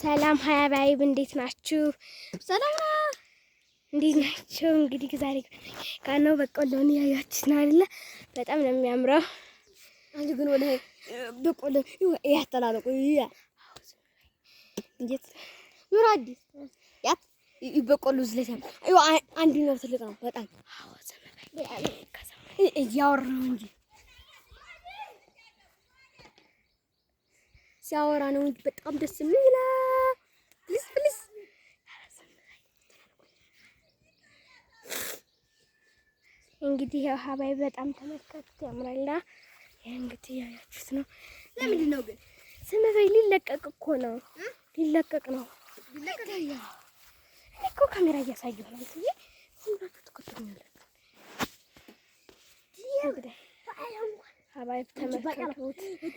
ሰላም ሀያ ባይብ እንዴት ናችሁ? ሰላም እንዴት ናችሁ? እንግዲህ ዛሬ ካነው በቆሎን ያያችሁት ነው አይደለ? በጣም ነው የሚያምረው። አንቺ ግን ወላሂ በቆሎ ያጠላለቁ ይያ እንዴት ይራዲ ያ ይበቆሉ ዝለት ያም አዩ አንዱ ነው ትልቅ ነው በጣም አዎ፣ ዘመናዊ እያወራ ነው እንጂ ሲያወራ ነው እንጂ በጣም ደስ የሚለው እንግዲህ ያው ሀባይ በጣም ተመልካቹት ያምራልና እንግዲህ ያያችሁት ነው። ለምንድን ነው ግን ስም በይ፣ ሊለቀቅ እኮ ነው። ሊለቀቅ ነው። እኔ እኮ ካሜራ እያሳየሁ ነው። እንትዬ ዝም ብላችሁ ትቆጥሩኛላችሁ። ሀባይ ተመልካቹት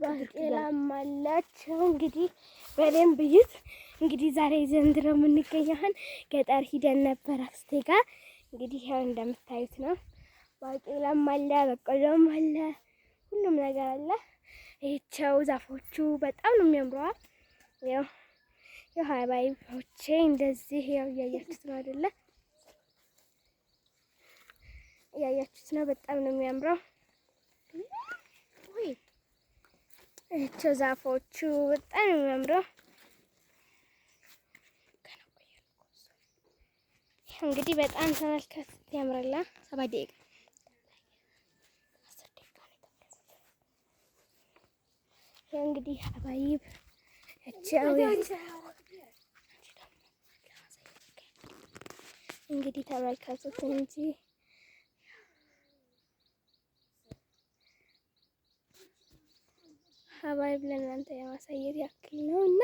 ባቄላም አላቸው እንግዲህ በደንብ እዩት። እንግዲህ ዛሬ ዘንድሮ የምንገኘውን ገጠር ሂደን ነበር አክስቴ ጋ እንግዲህ ያው እንደምታዩት ነው። ባቄላም አለ፣ በቆሎም አለ፣ ሁሉም ነገር አለ። ይቸው ዛፎቹ በጣም ነው የሚያምረዋል። ያው ያው ሀባይቦቼ እንደዚህ ያው እያያችሁት ነው አይደለ? እያያችሁት ነው። በጣም ነው የሚያምረው። እቸው ዛፎቹ በጣም የሚያምረው እንግዲህ በጣም ተመልከት፣ ያምራላ። ሰባት ደቂቃ እንግዲህ አባይብ እንግዲህ ተመልከቱት እንጂ ብለን ለእናንተ የማሳየት ያክል ነው እና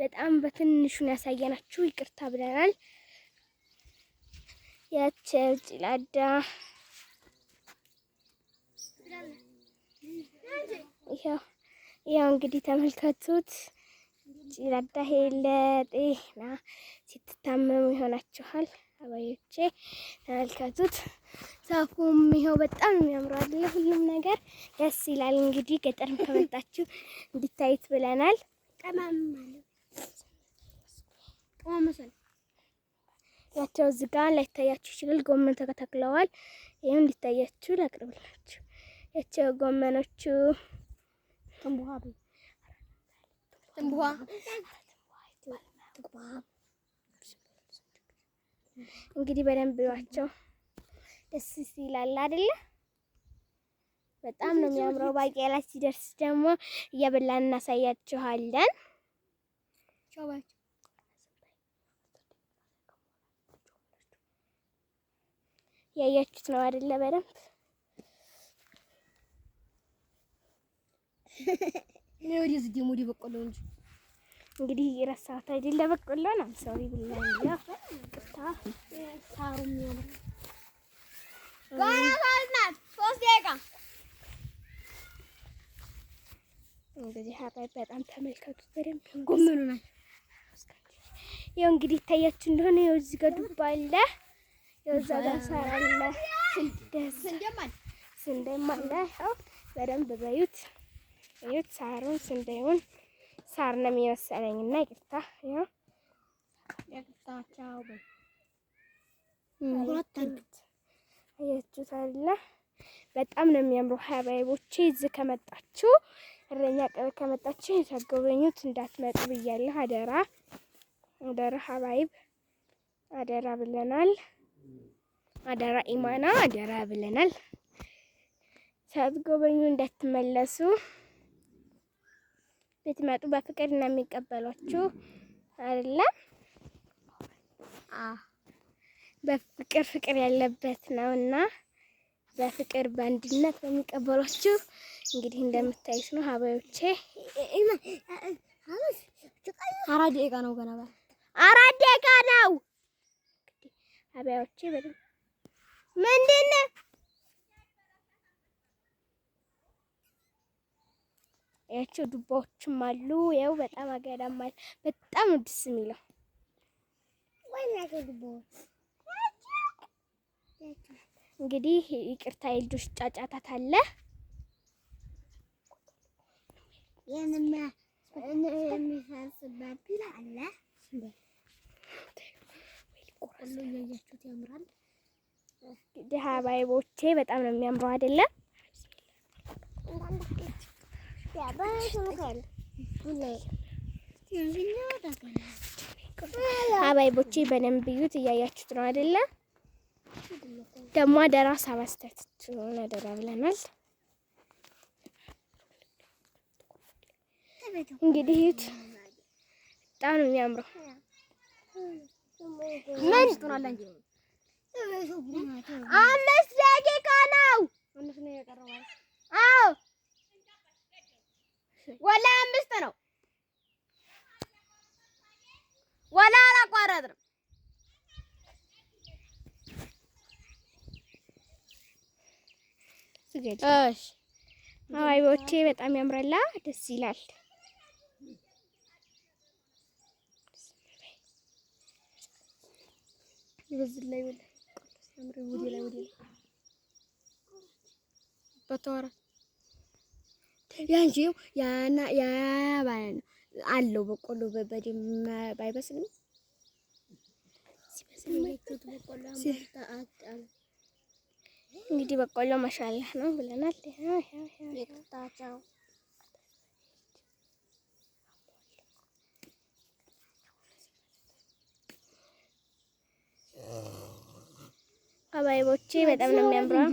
በጣም በትንሹን ያሳየናችሁ ይቅርታ ብለናል። ያቺ ጭላዳ ይኸው እንግዲህ ተመልከቱት። ውጪ ረዳሄ ለጤና ስትታመሙ ይሆናችኋል። አባዮቼ ተመልከቱት። ዛፉም ይኸው በጣም ያምራል። ሁሉም ነገር ደስ ይላል። እንግዲህ ገጠር ከመጣችሁ እንድታዩት ብለናል። ያቸው እዚህ ላይታያችሁ ይችላል። ጎመን ተተክለዋል። እንዲታያችሁ ላቅርብላችሁ። ያቸው ጎመኖቹ እንግዲህ በደንብ ብሏቸው ደስ ይላል አይደለ? በጣም ነው የሚያምረው። ባቄላ ሲደርስ ደግሞ እየበላን እናሳያችኋለን። ያያችሁት ነው አይደለ? በደንብ ነው። ወዲህ በቆሎ እንጂ እንግዲህ የረሳሁት አይደል ለበቆሎ ነው። ሶሪ እንግዲህ በጣም ተመልከቱ። ጎመኑ ናቸው። እንግዲህ ይታያችሁ እንደሆነ እዚህ ጋር ዱባ አለ፣ እዛ ጋር ሳር አለ፣ ስንዴም አለ። ያው በደንብ በዩት ሳሩን ስንዴውን ሳር ነው የሚመሰለኝ እና ይቅርታ አያችሁታል። በጣም ነው የሚያምሩ ሀባይቦቼ። እዚህ ከመጣችሁ እረኛ ቀበ ከመጣችሁ የተጎበኙት እንዳትመጡ ብያለሁ። አደራ አደራ ሀባይብ አደራ ብለናል። አደራ ኢማና አደራ ብለናል። ሳትጎበኙ እንዳትመለሱ። ብትመጡ በፍቅር ነው የሚቀበሏችሁ አይደለ? በፍቅር ፍቅር ያለበት ነው እና በፍቅር በአንድነት ነው የሚቀበሏችሁ። እንግዲህ እንደምታዩት ነው ሀባዮቼ። አራት ደቂቃ ነው ገና አራት ደቂቃ ነው ሀባዮቼ። ምንድን ነው ያቸው ዱባዎችም አሉ። ያው በጣም አገዳም ማለት በጣም ደስ የሚለው እንግዲህ ይቅርታ፣ የልጆች ጫጫታት አለ። ድሃ ባይቦቼ በጣም ነው የሚያምረው አይደለም? አባይቦቼ በደንብ እዩት። እያያችሁት ነው አይደለ? ደግሞ አደራ ሳባስተት ሆን አደራ ብለናል። እንግዲህ እዩት፣ በጣም ነው የሚያምረው። አምስት ደቂቃ ነው። ወላ አምስት ነው። ወላ አላቋረጥንም። እሺ አባይቦቼ በጣም ያምራላ፣ ደስ ይላል። በተወራት ያንቺው ያና ያ አለው በቆሎ በደምብ ባይበስልም እንግዲህ በቆሎ ማሻላህ ነው ብለናል። አባይቦቼ በጣም ነው የሚያምረው።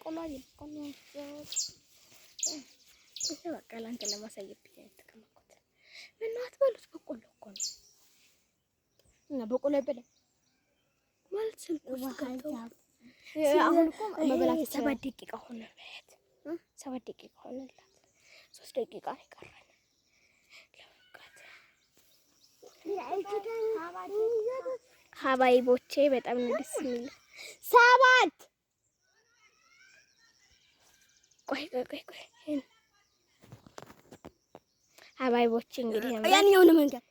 በቆሎ የበቆሎ በቃ ለአንተ ለማሳየት ብዬ የተቀመጥኩት ምን አትበሉት። በቆሎ እኮ ነው እና በቆሎ አይበላም ማለት ስልክ አሁን እኮ መበላት ሰባት ደቂቃ ሆነ። ማለት ሰባት ደቂቃ ሆነላት። ሶስት ደቂቃ ነው የቀረን ሀባይቦቼ በጣም ደስ የሚል ሰባት ቆይ ቆይ ቆይ ቆይ አባይቦች እንግዲህ ያኛውን መንገድ